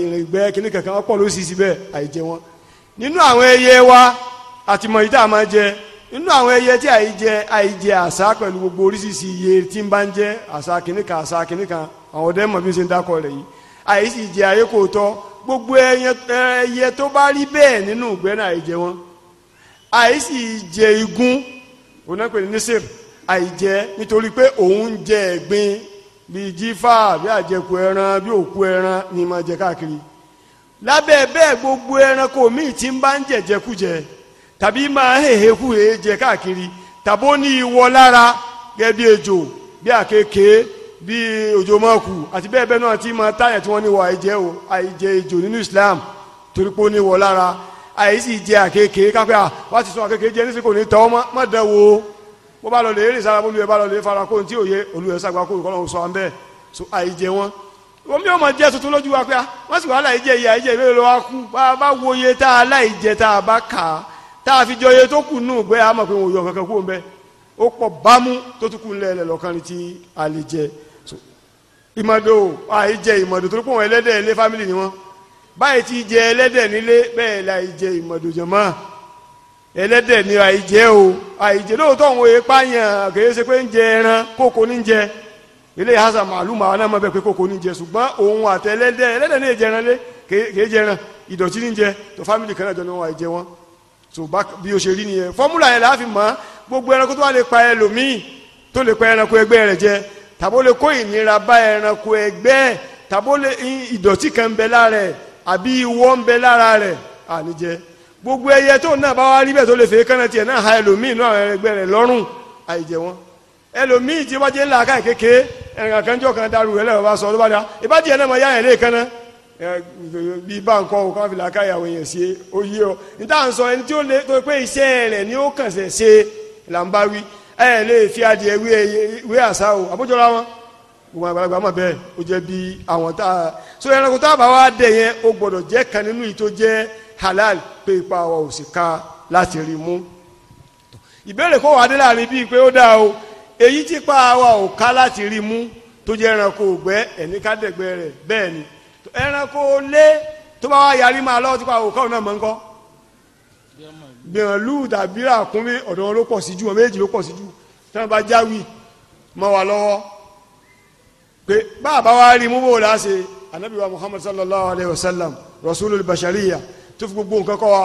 ìrìn gbẹ́ kíní kankan wọn pọ̀ ló sì síbẹ̀ àìjẹ wọn nínú àwọn ẹyẹ wa àtìmọ̀ yìí tá a máa jẹ nínú àwọn ẹyẹ tí àìjẹ àìjẹ àṣá pẹ̀lú gbogbo oríṣiríṣi iye tí ń bá ń jẹ àṣá kíní kan àṣá àwọn ọdẹ mọ̀ bí ó ṣe ń dákọ̀ rẹ̀ yìí àìsí jẹ ayé kò tọ́ gbogbo ẹyẹ tó bá rí bẹ́ẹ̀ nínú ìgbẹ́ náà wọn àìsí jẹ igun onápè ní nísìr nítorí pé òun jẹ ẹ̀gbin bíi jífà àjẹkù ẹran òkú ẹran ni ma jẹ káàkiri lábẹ́ bẹ́ẹ̀ gbogbo ẹranko míì ti ń bá ń jẹ̀jẹ̀kújẹ tàbí máa jẹ káàkiri tàbó ní ìwọ lára gẹ́gẹ́ bí ejò bí bíi òjò mọ́ọ̀kù àti bẹ́ẹ̀ bẹ́ẹ̀ náà tí máa táyà tí wọ́n ní wọ àìjẹ́ o àìjẹ ejò nínú Islam torí pé ó ní wọ lára àìsí jẹ àkekèé kápẹ́ à wá ti sọ àkekèé jẹ nísìkò ní tọ́ mọ́ dán wo bó bá lọ lè eré sára bólú ẹ bá lọ lè fara kóhun tí òye olùyẹ sàgbà kóhun kọ́ sọ wọn so àìjẹ wọn wọ́n mi ò mọ̀ jẹ́ tuntun lójú wa pé à wọ́n sì wá láìjẹ yìí àìjẹ ìbéèrè lọ́wọ́ kú bá a bá wo iye tá a láìjẹ tá a bá kà á tá a fi jọ iye tó kù nù gbé a pé òun yọ kankan kúrò ń bẹ́ẹ̀ ó pọ̀ bámú tó tún kù ńlẹ̀ lọ́kàn ti àlejẹ ìmọ̀dò àìjẹ ìmọ̀dò torí pé wọn ẹlẹ́dẹ̀ ilé fámìlì ni wọn báyìí ti jẹ ẹlẹ́dẹ̀ nílé bẹ́ẹ̀ la ìjẹ ìmọ̀dò jẹ̀mọ́ ẹlẹ́dẹ̀ ni àìjẹ o àìjẹ lóòótọ́ àwọn èèpá yẹn kìí ṣe pé ń jẹ ẹran kókó ní jẹ ilé hasan màálùmá wọn náà mọ̀ bẹ́ẹ̀ pé kókó ní jẹ ṣùgbọ́n òun àtẹlẹ́dẹ̀ ẹlẹ́dẹ̀ ní ìjẹran lé kìí jẹran ìdọ̀tí ní jẹ tó fámìlì kan náà jọ ni wọn àìjẹ wọn la fi mọ̀ gbogbo ẹranko tó wà lè pa ẹlòmíì tó lè tàbó lè kó ìnira bá ẹranko ẹgbẹ́ tàbó lè ìdọ̀tí kan ń bẹ lára rẹ̀ àbí ìwọ́ ń bẹ lára rẹ̀ àníjẹ gbogbo ẹyẹ tó náà bá wá rí bẹ́ẹ̀ tó lè fẹ́ kánná tiẹ̀ náà ha ẹlòmíì inú àwọn ẹgbẹ́ rẹ̀ lọ́rùn àìjẹ wọn ẹlòmíì tí wọ́n jẹ́ ńlá káì kéke ẹnìkan kan jọ kan darú rẹ̀ lẹ́wọ̀n bá sọ ló bá dá náà máa yá ẹ̀ lé kánná bí bá ń kọ́ òkú àfìlà káyà àwọn èèyàn ṣe ó ọ níta ẹni tí ó lé pé iṣẹ́ rẹ̀ ni ó kàn ṣe là ẹ lè fi adìẹ wé àṣà o àbójọra wọn gbogbo àgbàlagbà mọ̀ bẹ́ẹ̀ ó jẹ́ bí àwọn tá a so ẹranko tá a bá wá dẹ̀ yẹn ó gbọ́dọ̀ jẹ́ kan nínú yìí tó jẹ́ halal pé ipa wa ò sì ka láti rí mú ìbéèrè kó wà dé láàrin bíi pé ó dáa o èyí tí ipa wa ò ká láti rí mú tó jẹ́ ẹranko ògbẹ́ ẹ̀ní ká dẹ̀gbẹ́ rẹ̀ bẹ́ẹ̀ ni ẹranko lé tó bá wá yarí máa lọ́wọ́ tí ipa òkọ́ náà mọ̀ ń gbìyànjú tàbí ràkúnmí ọ̀dọ̀ wọn ló pọ̀ sí jù wọn méjì ló pọ̀ sí jù tí wọn bá jáwì mọ́ wa lọ́wọ́ pé báàbá wa rí mú bóòlá ṣe anabi wa muhammad sallallahu alayhi wa sallam rasulul bashariya tó fi gbogbo nǹkan kọ́ wa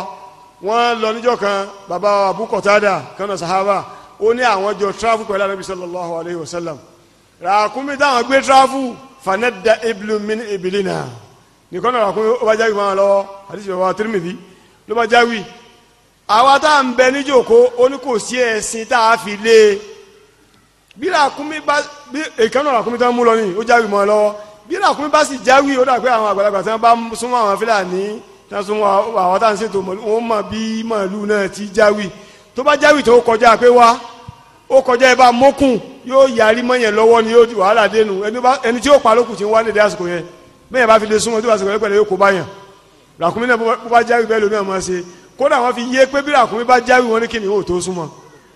wọ́n lọ níjọ́ kan bàbá wa abu kọtada kanna sahaba ó ní àwọn jọ tirafu pẹ̀lú anabi sallallahu alayhi wa sallam ràkúnmí táwọn gbé tirafu fanada iblu min ibilina nìkan náà ràkúnmí ó bá jáwì mọ́ wa lọ́wọ́ àti sèwà tirimidi ló bá jáwì àwa tá à ń bẹ níjòkó ó ní kò sí ẹ̀sìn tá a fi lé e bí làkúnmí bá bí èkánná làkúnmí tó ń mú lọ ní ó jáwé mọ́ ọ lọ́wọ́ bí làkúnmí bá sì jáwé ó dàgbé àwọn àgbàlagbà tí wọ́n bá súnmọ́ àwọn fúlàní tí wọ́n súnmọ́ àwọn tá à ń ṣètò wọn mọ̀ bí màálù náà ti jáwé tó bá jáwé tó kọjá pé wá ó kọjá ẹ bá mọ́kùn yóò yarí mọ́yẹn lọ́wọ́ ni yóò di wàhálà dénú ẹni tí yóò pa lókùn tí ń wá lédè àsìkò yẹn bẹ́ẹ̀ bá fi lè súnmọ́ tó bá sọ̀rọ̀ pẹ̀lú yóò kó báyàn làkúnmí náà bó bá jáwé bẹ́ẹ̀ lómi àwọn máa ṣe kódà wọn fi yé pé bí ràkúnmí bá jáwé wọn ní kí ni yóò tó súnmọ́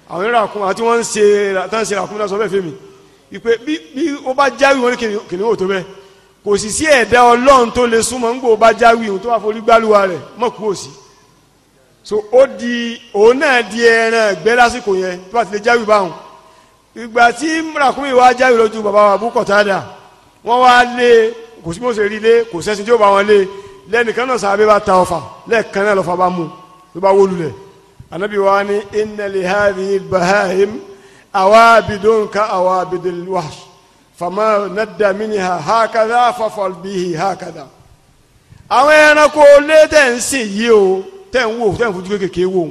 àwọn ní ràkúnmí àti wọn ń ṣe tán ṣe ràkúnmí náà sọ bẹ́ẹ̀ fẹ́mi ìpè bí bí ó bá jáwé wọn ní kí ni yóò tó bẹ́ẹ̀ kò sì sí ẹ̀dá ọlọ́run tó lè súnmọ́ ńgbò bá jáwé òun tó wà forí gbálùwà rẹ̀ mọ̀ kú òsì so ó di òun náà di ẹran ẹgbẹ́ lásìkò yẹn tó bá ti jáwé báwọn ìgbà tí ràkúnmí wa jáwé lójú bàbá wa bú kọ̀tádà wọ́n wá lé kò sí mọ́ ṣe rí lé kò sẹ́sìn tí ó bá wọn lé lẹ́nìkan náà sábẹ́ bá ta ọfà lẹ́ẹ̀kan náà lọ́fà bá mú un ló bá wó lulẹ̀ anabi wa ni inna li hadhihi bahahim awabidun ka awabidil wahsh fama nadda minha hakadha fafal bihi hakadha. àwọn ẹranko lé tẹ̀ ń sìn yìí o tẹ̀ ń wò tẹ̀ ń fojú kékeré wò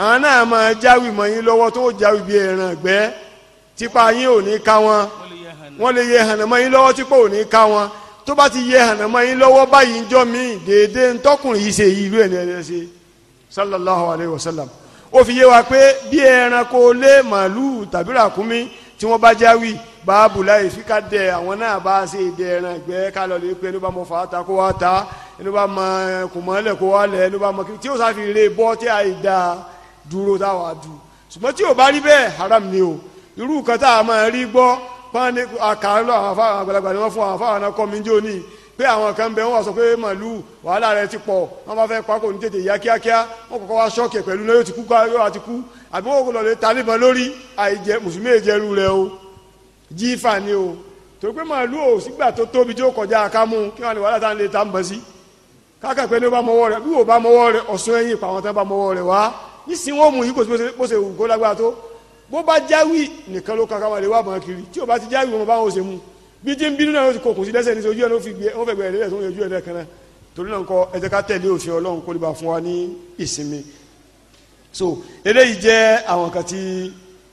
àwọn náà máa jáwé mọ́ yín lọ́wọ́ tó jáwé bí ẹran ẹ̀gbẹ́ tipa yín ò ní ká wọn wọ́n lè hànà mọ́ yín lọ́wọ́ tí pò ní ká wọn tó bá ti yẹ hànà mọ́ yín lọ́wọ́ báyìí ń jọ́ mí déédéé yìí ṣe yìí ìlú ní ẹ̀ ṣe sallallahu alayhi wa sallam ó fi yé wa pé bí ẹranko lé màálù tàbí ràkúnmí tí wọ́n bá jáwì báàbù láì fi ká dẹ àwọn náà bá ṣe dẹ ẹran ìgbẹ́ ká lọ lè pe ẹni bá mọ fàáta kó wá ta ẹni bá mọ kùmọ̀lẹ̀ kó wá lẹ̀ ẹni bá mọ kí tí ó sáfi lè bọ́ tí a yìí da dúró táwa dù ṣùgbọ́n tí ò bá rí bẹ́ẹ̀ haram ni o irú kan tá a máa rí gbọ́ pọ́n ní àkàrà lọ àwọn àgbàlagbà ni wọ́n fún àwọn afáwọn akọ́mi jóni pé àwọn kan bẹ wọn wá sọ pé màlúù wàhálà rẹ ti pọ̀ wọn bá fẹ́ pa kò ní tètè ya kíákíá wọn kọ́kọ́ wá ṣọ́ọ̀kì pẹ̀lú náà yóò ti kú yóò àti kú àbí wọn kò lọ lè taliban lórí àìjẹ mùsùlùmí ìjẹrù rẹ o jífà ni o torí pé màlúù ò sígbà tó tóbi tí ó kọjá àkámú kí wọn lè wàhálà tá à ń lè ta ń bọ̀ sí káàkà pé ní ó bá mọwọ́ rẹ bí wò bá mọwọ́ rẹ ọ̀sùn ẹ̀yìn ìpàwọn tán bá mọwọ́ bí jí ń bínú náà kò kò sí lẹ́sẹ̀ ní ojú ẹ̀ ló fi gbé ó fẹ́ gbẹ̀rẹ̀ lẹ́sẹ̀ tó ń yọjú ẹ̀ lẹ́ẹ̀kan náà torí náà kọ́ ẹ jẹ́ ká tẹ̀lé òfin ọlọ́run kó lè bá fún wa ní ìsinmi so eléyìí jẹ́ àwọn kan tí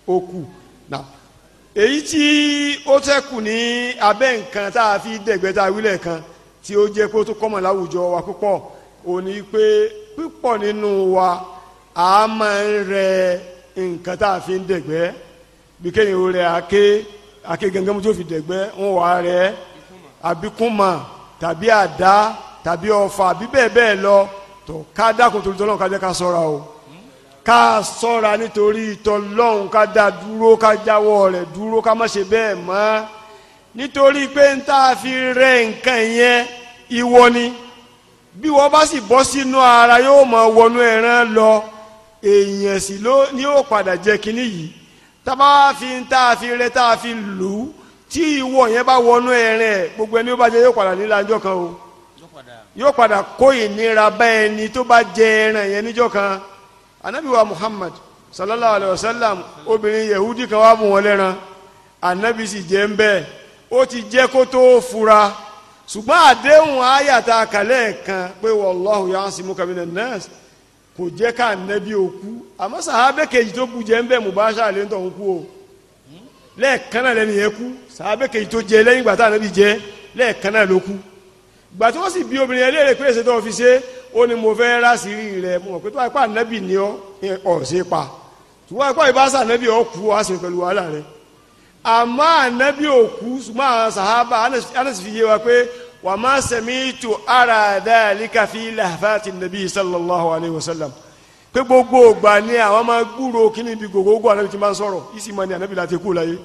ó kù náà èyí tí ó tẹ́kù ní abẹ́ nǹkan tá a fi dẹ̀gbẹ́ tá a wílẹ̀ kan tí ó jẹ́ kó tó kọ́mọ̀ láwùjọ wa púpọ̀ òní pé púpọ̀ nínú wa a máa ń rẹ nǹkan tá a fi ń dẹ̀gbẹ́ bí kéèyàn ó rẹ àáké akégangan mu tí ó fi dẹ̀gbẹ́ ń wà rẹ̀ àbíkúnmà tàbí àdá tàbí ọfà àbí bẹ́ẹ̀ bẹ́ẹ̀ lọ tó ká dákun torí tọ́lọ́run ká jẹ́ ká sọ́ra o ká sọ́ra nítorí tọ́lọ́run ká dá dúró ká jáwọ́ rẹ̀ dúró ká má ṣe bẹ́ẹ̀ mọ́ nítorí pé ń tá a fi rẹ̀ nǹkan yẹn ìwọ ni bí wọ́n bá sì bọ́ sínú ara yóò máa wọnú ẹran lọ èèyàn sì ló ní ó padà jẹ́ kínní yìí tábà wá fi ń tá a fi rẹ tá a fi lù ú tí ìwọ yẹn bá wọnú ẹrin ẹ gbogbo ẹni ó bá jẹ yóò padà nílá ọjọ́ kan o yóò padà kó ìnira bá ẹni tó bá jẹ ẹran yẹn níjọ́ kan anabiwa Muhammad sallallahu alayhi wa sallam obìnrin yehudi kan wá bùn wọn lẹ́ran anabi sì jẹ́ ń bẹ́ẹ̀ ó ti jẹ́ kó tó fura ṣùgbọ́n àdéhùn àyàtà kàlẹ́ kan pé wallahu ya'simuka minan nas kò jẹ́ ká anabi òkú àmọ́ sàábẹ́ kejì tó bu jẹ́ ń bẹ̀ mùbáṣà lé ń tọ̀hún kú o lẹ́ẹ̀kan náà lẹ́nu yẹn kú sàábẹ́ kejì tó jẹ lẹ́yìn gbàtà náà bí jẹ lẹ́ẹ̀kan náà ló kú gbà tí wọ́n sì bí obìnrin ẹlẹ́rìí pé èsè tó fi ṣe ó ní mo fẹ́ rà sí rí rẹ̀ mo mọ̀ pé tó wáyé pa ànábì ni ọ ọ̀ ṣe pa tó wáyé pa ìbáṣà ànábì ọ kú ọ á sì wàhálà rẹ̀ àmọ́ ànábì ò kú ṣùgbọ́n àwọn sàhábà ánàsì fi yé wa pé wà má sami'tu ara dhalika fi lahfati nàbí sallallahu alayhi wa sallam pé gbogbo ògbà ni àwọn máa gbúrò kíní ibi gògógó ànábi ti máa ń sọ̀rọ̀ ìsì máa ní ànábi láti kú láyé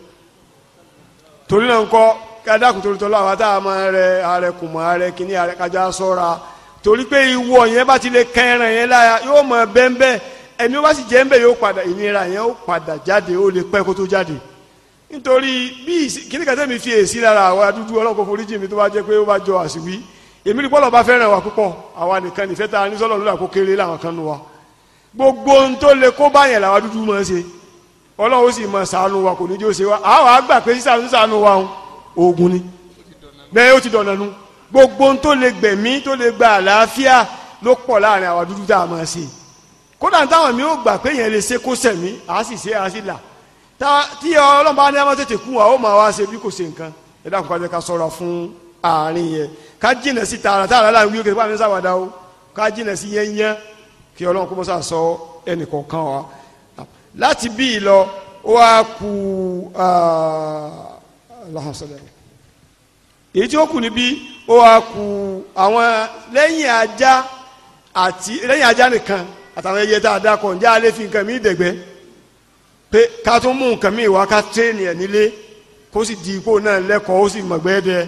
torí náà ń kọ́ kádàkùn torí tọ́lá àwọn táwọn máa rẹ ààrẹ kùmọ̀ ààrẹ kíní ààrẹ kájà sọ́ra torí pé ìwọ yẹn bá ti lè kan ẹran yẹn lára yóò mọ̀ bẹ́ńbẹ́ ẹni ó bá sì jẹ́ ń bẹ̀ yóò padà ìnira yẹn ó padà jáde ó lè pẹ́ kó tó jáde nítorí bí kíní kàtẹ́ mi fi èsì lára àwọn adúdú ọlọ́kọ̀ foríjì mi tó bá jẹ́ pé ó bá jọ àṣìwí èmi rí pọ́lọ̀ bá fẹ́ràn wa púpọ̀ àwa nìkan nìfẹ́ ta ní sọ́lọ́ lóla kó kan nù wa gbogbo ohun tó lè kó báyẹn làwa dúdú máa ń ṣe ọlọ́run sì máa ṣàánú wa kò ní jẹ́ ó ṣe wa àwọn àgbà pé sísàánú ṣàánú wa oògùn ni bẹ́ẹ̀ ó ti dọ̀nà nu gbogbo ohun tó lè gbẹ̀mí tó lè gba àlàáfíà ló pọ̀ láàrin àwa dúdú tá a máa ṣe kódà táwọn mi ò gbà pé yẹn lè ṣe kó sẹ̀mí àá sì ṣe àá sì là tí ọlọ́run bá ní a máa tètè kú wa ó máa wá ṣe bí kò ṣe nǹkan ẹ dákun ká jẹ́ ká kí ọlọ́run kó mọ́sá sọ ẹnìkọ̀ọ̀kan wa láti bí i lọ ó wá ku èyí tí ó kù níbí ó wá ku àwọn lẹ́yìn ajá àti lẹ́yìn ajá nìkan àtàwọn ẹyẹ tá a dá kọ̀ ǹjẹ́ a lè fi nǹkan mi dẹ̀gbẹ́ pé ká tún mú nǹkan mi wá ká tẹ́ẹ̀nì ẹ̀ nílé kó sì di ipò náà lẹ́kọ̀ọ́ ó sì mọ̀gbẹ́ dẹ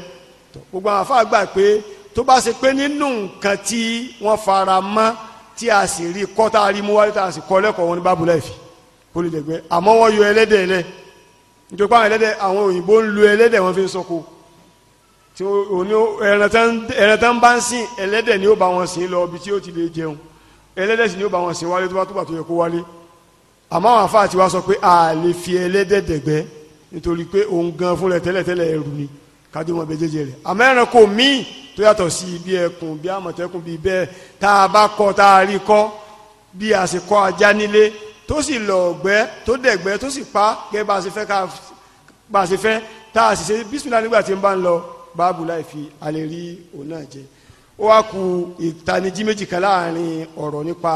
gbogbo àwọn afáàgbà pé tó bá ṣe pé nínú nǹkan tí wọ́n fara mọ́ tí a sì rí kọ́ tá a rí mú wáyé tá a sì kọ́ lẹ́kọ̀ọ́ wọn ní bábù láìfi olùdẹ̀gbẹ́ àmọ́ wọ́n yọ ẹlẹ́dẹ̀ lẹ nítorí pé àwọn ẹlẹ́dẹ̀ àwọn òyìnbó ń lo ẹlẹ́dẹ̀ wọn fi ń sọko tí òní ẹran tán bá ń sìn ẹlẹ́dẹ̀ ni ó bá wọn sìn lọ ibi tí ó ti lè jẹun ẹlẹ́dẹ̀ sì ni ó bá wọn sìn wálé tó bá tó bá tó yẹ kó wálé àmọ́ àwọn afáàtì wa sọ pé a lè fi ẹlẹ́dẹ̀ dẹ̀gbẹ́ nítorí pé òun gan fúnra tẹ́lẹ̀tẹ́lẹ̀ ẹrù ni kájú wọn bẹ jẹjẹ rẹ àmọ́ ẹranko míì tó yàtọ̀ sí bí ẹkùn bí àmọ̀tẹ́kùn bí bẹ́ẹ̀ tá a bá kọ́ tá a rí kọ́ bí a sì kọ́ ajá nílé tó sì lọ ọ̀gbẹ́ tó dẹ̀gbẹ́ tó sì pa gẹ́gẹ́ bá a sì fẹ́ ká bá a sì fẹ́ tá a sì ṣe bísímìlá nígbà tí n bá ń lọ báàbù láì fi alẹ́ rí òun náà jẹ ó wá ku ìtanijí méjì kan láàrin ọ̀rọ̀ nípa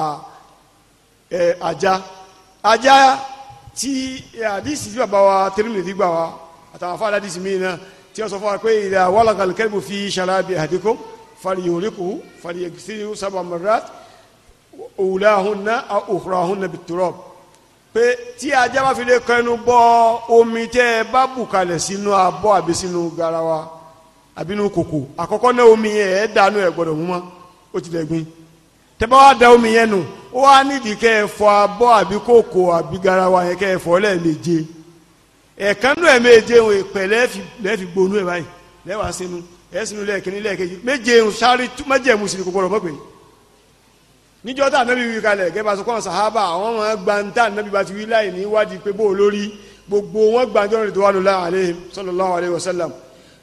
ẹ ajá ajá tí àdìsí bàbá wa tẹ́lẹ̀mìlì gbà wa àtàwọn afáàdàdìsí míì náà tí ó sọ fún wa pé ìlà walagal kalbu fi shalabi ahadikum falyuliku falyagsilu sab'a marrat ulahunna aw ukhrahunna bit-turab pé tí ajá bá fi lè kẹnu bọ omi tẹ́ ẹ bá bù sínú abọ́ àbí sínú garawa àbí nínú kòkò àkọ́kọ́ náà omi yẹn ẹ̀ dànù ẹ̀ gbọ́dọ̀ mú mọ́ ó ti dẹ̀gbin tẹ́ bá wá da omi yẹn nù ó wá nídìí kẹ́ ẹ fọ abọ́ àbí kòkò àbí garawa yẹn kẹ́ ẹ fọ lẹ́ẹ̀méje ẹ̀ẹ̀kan nù ẹ̀ méje wọn ìpẹ́ lẹ́ẹ̀fi gbónú ẹ̀ báyìí lẹ́wàá sínú ẹ̀ sínú lẹ́ẹ̀kínní lẹ́ẹ̀kejì méje wọn sáré méje mu sí ni kòkòrò mọ́pẹ́ níjọ́ tá ànábì wí kalẹ̀ gẹ́gẹ́ bá sọ kọ́n sàhábà àwọn ọmọ gbantá ànábì bá ti wí láì ní wádìí pé bó lórí gbogbo wọn gbàjọ́ rẹ̀ tó wà lọ́la àlẹ́ sallallahu alaihi wasallam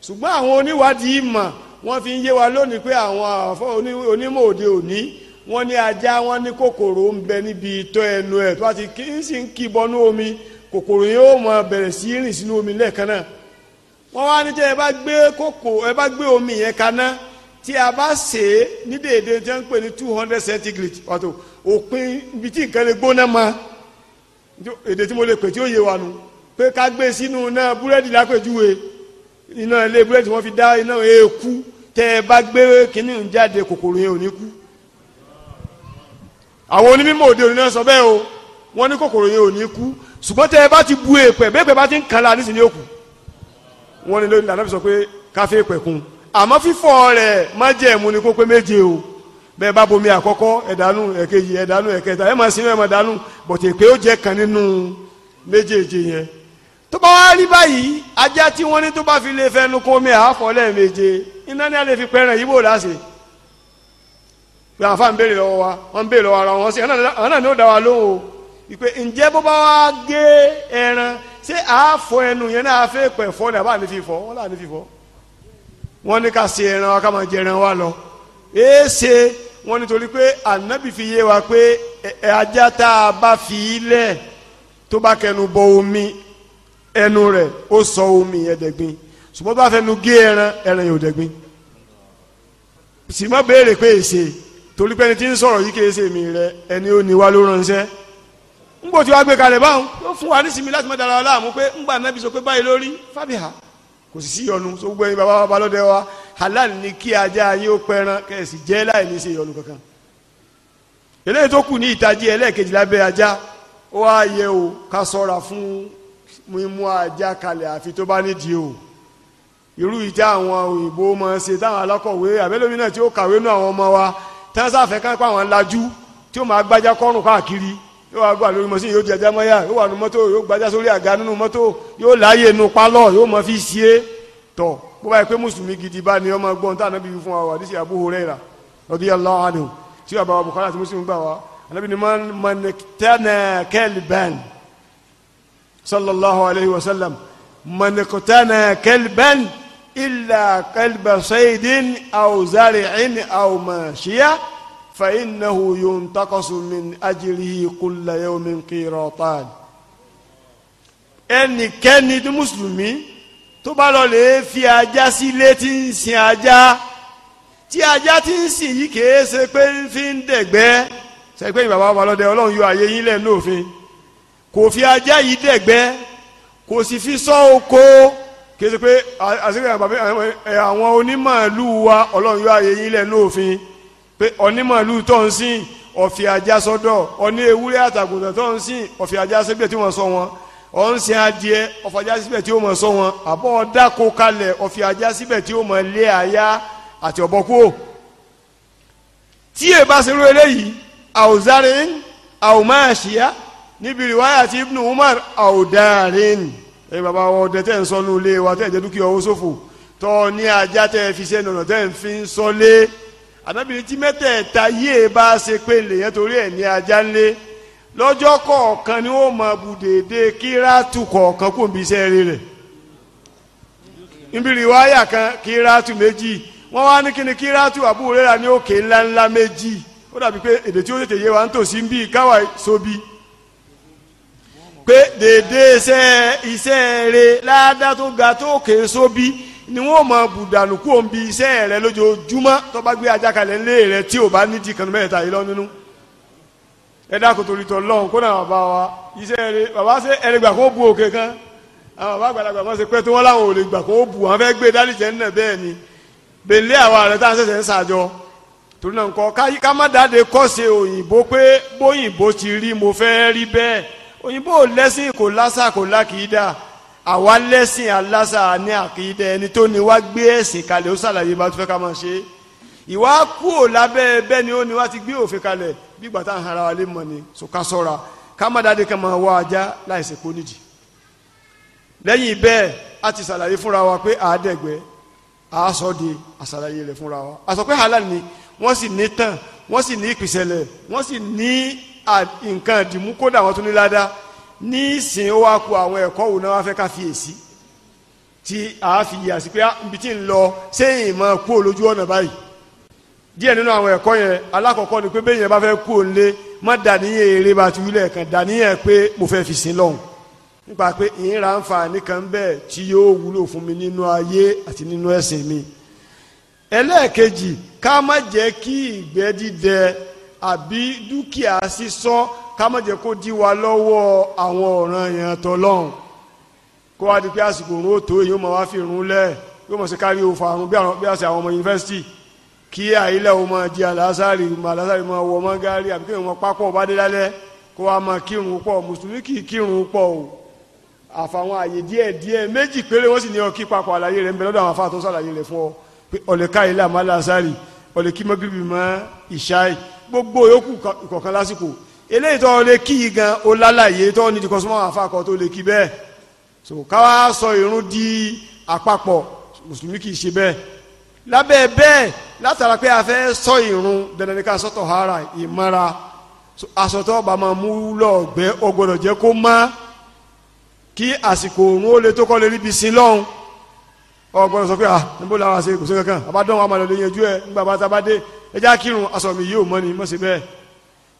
ṣùgbọ́n àwọn oníwádìí mà wọ́n fi ń yé wa lónìí pé àwọn àfọ onímọ̀ òde òní wọ́n ní ajá kòkòrò yẹn ó máa bẹ̀rẹ̀ sí rìn sínú omi lẹ́ẹ̀kan náà wọ́n wá níjẹ́ ẹ bá gbé kòkò ẹ bá gbé omi yẹn kaná tí a bá sè é ní déédéé tí wọ́n ń pè ní two hundred centigrade pàtó òpin ibi tí nǹkan lè gbóná ma èdè tí mo lè pè tí ó yé wa nu pé ká gbé sínú iná búrẹ́dì lápèjúwe iná ilé búrẹ́dì wọ́n fi dá iná eku tẹ́ ẹ bá gbé kínní ń jáde kòkòrò yẹn ò ní kú àwọn onímọ̀ òde òní náà sọ bẹ́ẹ̀ o wọ́n ní kòkòrò yẹn ò ní kú ṣùgbọ́n tẹ ẹ bá ti bu èèpẹ̀ bẹ́ẹ̀pẹ̀ bá ti ń kan la nísìnyí òkú wọn ni lórí lànà fi sọ pé káfí èèpẹ̀ kún àmọ́ fífọ̀ rẹ̀ má jẹ́ ẹ̀mú ni kó pé méje o bẹ́ẹ̀ bá bomi àkọ́kọ́ ẹ̀dánù ẹ̀kejì ẹ̀dánù ẹ̀kẹta ẹ̀ máa sinú ẹ̀ máa dánù bọ̀tẹ̀ pé ó jẹ́ kan nínú méjèèje yẹn tó bá wá rí báyìí ajá tí wọ́n ní tó bá fi lè fẹnu kún omi àáfọ̀ lẹ́ẹ̀méje iná ní alẹ́ fi pẹ́ràn yìí bò láṣẹ pé àfa ń béèrè lọ́wọ́ wa wọ́n ń béèrè lọ́wọ́ ara wọn sí ẹ̀ náà ní ó dá wa lóhùn o ìpè ǹjẹ́ bó bá wá gé ẹran ṣé àáfọ ẹnu yẹn náà fẹ́ pẹ̀ fọ́ ni àbá ní fi fọ́ wọ́n là ní fi fọ́ wọ́n ní ká ṣe ẹran wa ká máa jẹ ẹran wa lọ èé ṣe wọ́n nítorí pé ànábì fi yé wa pé ajá tá a bá fi ilẹ̀ tó bá kẹnu bọ omi ẹnu rẹ̀ ó sọ omi yẹn ṣùgbọ́n bá fẹnu gé ẹran ẹran yóò dẹ̀gbin sì má béèrè pé èsè torí pé ẹni tí ń sọ̀rọ̀ yìí kì í rẹ ẹni ó ní wá ló ránṣẹ́ ngbò tí wàá gbé kalẹ̀ báwọn ó fún wa nísìmí láti má dára wa láàmú pé ngbà náà bí sọ pé báyìí lórí fábíà kò sì sí ìyọnu tó gbé yín bàbá bàbá lọ́dẹ wa halal ni kí ajá yín ó pẹran kẹ̀sì jẹ́ láì ní í ṣe ìyọnu kankan eléyìí tó kù ní ìtají ẹlẹ́ẹ̀kejì lábẹ́ ajá ó wá yẹ o ká sọ́ra fún mímú ajá kalẹ̀ àfi tó bá nídìí o irú ìjà àwọn òyìnbó máa ṣe táwọn alákọ̀wé àbẹ́lómi náà tí ó kàwé nú àwọn ọmọ wa tí wọ́n sáfẹ́ ká àwọn lajú tí ó máa gbájá kọ́rùn káàkiri yóò wá gbà lórí mọ́sí yóò jẹjẹ mọ́yà yóò wà nù mọ́tò yóò gbajá sórí àga nínú mọ́tò yóò láàyè nù pálọ̀ yóò mọ́ fi ṣe é tọ̀ bó báyìí pé mùsùlùmí gidi bá ní ọmọ gbọ́n tá ànábì fún wa àdìsí Abu Hurairah radiyallahu anhu tí bàbá wa Bukhari àti Muslim gbà wá ànábì ni mọ̀nìkítẹ́nà kẹ́lbẹ́n sallallahu alayhi wa sallam mọ̀nìkítẹ́nà kẹ́lbẹ́n illa kẹ́lbẹ́ sẹ́yìdín aw zari'in aw mashiyah فإنه ينتقص من أجله كل يوم قيراطان ẹnikẹ́ni tí mùsùlùmí tó bá lọ lè fi ajá sílé tí ń sin ajá tí ajá tí ń sìn yìí kìí ṣe pé ń fi ń dẹ̀gbẹ́ ṣe pé bàbá wa lọ́dẹ ọlọ́run yọ àyè yín lẹ́nu òfin kò fi ajá yìí dẹ̀gbẹ́ kò sì fi sọ oko kìí ṣe pé àwọn onímọ̀ọ́lù wa ọlọ́run yọ àyè yín lẹ́nu òfin pé onímọ̀lú tó ń sìn ọ̀fì ajá sọ́dọ̀ ọní ewúrẹ́ àtàgùntàn tó ń sìn ọ̀fì ajá síbẹ̀ tí wọ́n sọ wọn ọ̀ ń adìẹ ọ̀fì ajá síbẹ̀ tí ó sọ wọn àbọ̀ dáko kalẹ̀ ọ̀fì ajá síbẹ̀ tí ó lé aya àti ọ̀bọ kúò. tí èyí bá ṣerú eléyìí àwùzárin àwùmáàṣíà níbi rìwáyà ti Ibn Umar àwùdárin ẹ bàbá ọdẹ tẹ́ ń sọ ní ilé wa tẹ́ ẹ̀ jẹ́ dúkìá owó ṣòfò tọ́ ní ajá tẹ́ fi ṣe nànà tẹ́ ń fi ń sọ lé ànábìrin tí mẹ́tẹ̀ẹ̀ta yíè bá ṣe pé lèyẹn torí ẹ̀ ní ajá ńlé lọ́jọ́ kọ̀ọ̀kan ni ó mọ bùdèdè kíráàtù kọ̀ọ̀kan kò ń bí iṣẹ́ rẹ̀ nbiri wáyà kan kíráàtù méjì wọ́n wá ní kí ni kíráàtù àbúrẹ́ra ní òkè ńláńlá méjì ó dàbí pé èdè tí ó tètè yé wa ń tòsí ń bí káwa sobi pé dèdè iṣẹ́ iṣẹ́ rẹ̀ ládàá tó ga tó òkè sobi ni wọ́n máa bù dànù kó ń bi iṣẹ́ rẹ lójoojúmọ́ tó bá gbé ajá kalẹ̀ ńlé rẹ tí ò bá nídìí kan mẹ́ta yìí lọ nínú ẹ dákun torí tọ lọ́hùn kó náà bá wa iṣẹ́ rẹ bàbá ṣe ẹ̀rẹ̀gbà kó bu òkè kan àwọn bàbá àgbàlagbà wọn ṣe pé tí wọ́n láwọn ò lè gbà kó bu wọn fẹ́ gbé dálìjẹ́ ńnà bẹ́ẹ̀ ni bèlé àwa rẹ tá à ń ń ṣàjọ torí náà nǹkan ká má dáde kọ́ṣe òyìnbó pé bóyìnbó ti rí mo fẹ́ rí bẹ́ẹ̀ òyìnbó lẹ́sìn kò lásà kò lákìí dáa àwa lẹ́sìn aláṣà ní àkìdẹ ẹni tó ní wá gbé ẹ̀sìn kalẹ̀ ó ṣàlàyé bá tó fẹ́ ká máa ṣe ìwà kúrò lábẹ́ bẹ́ẹ̀ ni ó ní wá ti gbé òfin kalẹ̀ bí gbàtà ń hara wa lè mọ̀ ni so ká sọ́ra ká má dáadé kan máa wá ajá láìsí kó nídìí lẹ́yìn bẹ́ẹ̀ a ti ṣàlàyé fúnra wa pé àádẹ́gbẹ́ àásọ̀dé àṣàlàyé rẹ̀ fúnra wa a sọ pé halal ni wọ́n sì ní tàn wọ́n sì ní ìpìsẹ̀lẹ̀ wọ́n sì ní nǹkan ìdìmú kódà wọ́n tún ní ládàá ní ìsìn ó wá ku àwọn ẹ̀kọ́ wò náà wá fẹ́ ká fi èsì tí a fi yà sí pé ah, ibi tí ń lọ sẹ́yìn mọ́ kú olójú ọ̀nà báyìí díẹ̀ nínú àwọn ẹ̀kọ́ yẹn alákọ̀ọ́kọ́ ni pé bẹ́ẹ̀ yẹn bá fẹ́ kú òǹlé má dàníyàn èrè bá ti wílẹ̀ kan dàníyàn pé mo fẹ́ fi sin lọ́hùn nípa pé ìyìnra àǹfààní kan bẹ́ẹ̀ tí yóò wúlò fún mi nínú ayé àti nínú ẹ̀sìn mi ẹlẹ́ẹ̀kejì ká má jẹ́ kí ìgbẹ́ dídẹ àbí dúkìá sísọ ká má jẹ́ kó dí wa lọ́wọ́ àwọn ọ̀ràn yẹn tọ́lọ́hún kó wá di pé àsìkò òun ó tó èyí ó mọ̀ wá fi rún lẹ̀ yóò mọ̀ sí kárí òfò àrùn bí àwọn bí àṣẹ àwọn ọmọ yunifásitì kí àyílẹ̀ òun máa di àlásàrì àlásàrì máa wọ mọ́ngárì àbí kí òun pápọ̀ bá dé lálẹ́ kó wá máa kírun pọ̀ mùsùlùmí kì í kírun pọ̀ o àfàwọn àyè díẹ̀ díẹ̀ méjì péré wọ́n sì ní ọkí papọ̀ àlàyé rẹ̀ ń bẹ lọ́dọ̀ àwọn afáàtọ́ sàlàyé rẹ̀ fún ọ pé ọ̀lẹ́ká ilé àmàlà sáré ọ̀lẹ́kí mọ́gìrì mọ́ ìṣáì gbogbo yòókù kọ̀ọ̀kan lásìkò eléyìí tó lè kí gan o lálàyé tó ní dìkọ́ súnmọ́ àfàkọ́ tó lè kí bẹ́ẹ̀ so sọ irun di àpapọ̀ mùsùlùmí kì í ṣe bẹ́ẹ̀ lábẹ́ bẹ́ẹ̀ látara a fẹ́ sọ irun dandan ní ká sọ tọ̀hárà ìmọ́ra aṣọ bá máa mú lọ́ọ̀gbẹ́ ó gbọ́dọ̀ jẹ́ kó má kí àsìkò òun ó lè tó kọ́ lè ríbi sí lọ́hùn gbọ́dọ̀ sọ pé à ah, níbo làwọn kò sí kankan àbádọ́n wa máa lọ lè ẹ nígbà bá tá a bá dé kírun ni mọ́ sí bẹ́ẹ̀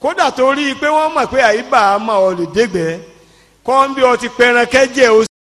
kódà torí pé wọ́n mọ̀ pé àyíbá àmọ́ ọ lè dégbẹ́ kọ́ ń bí o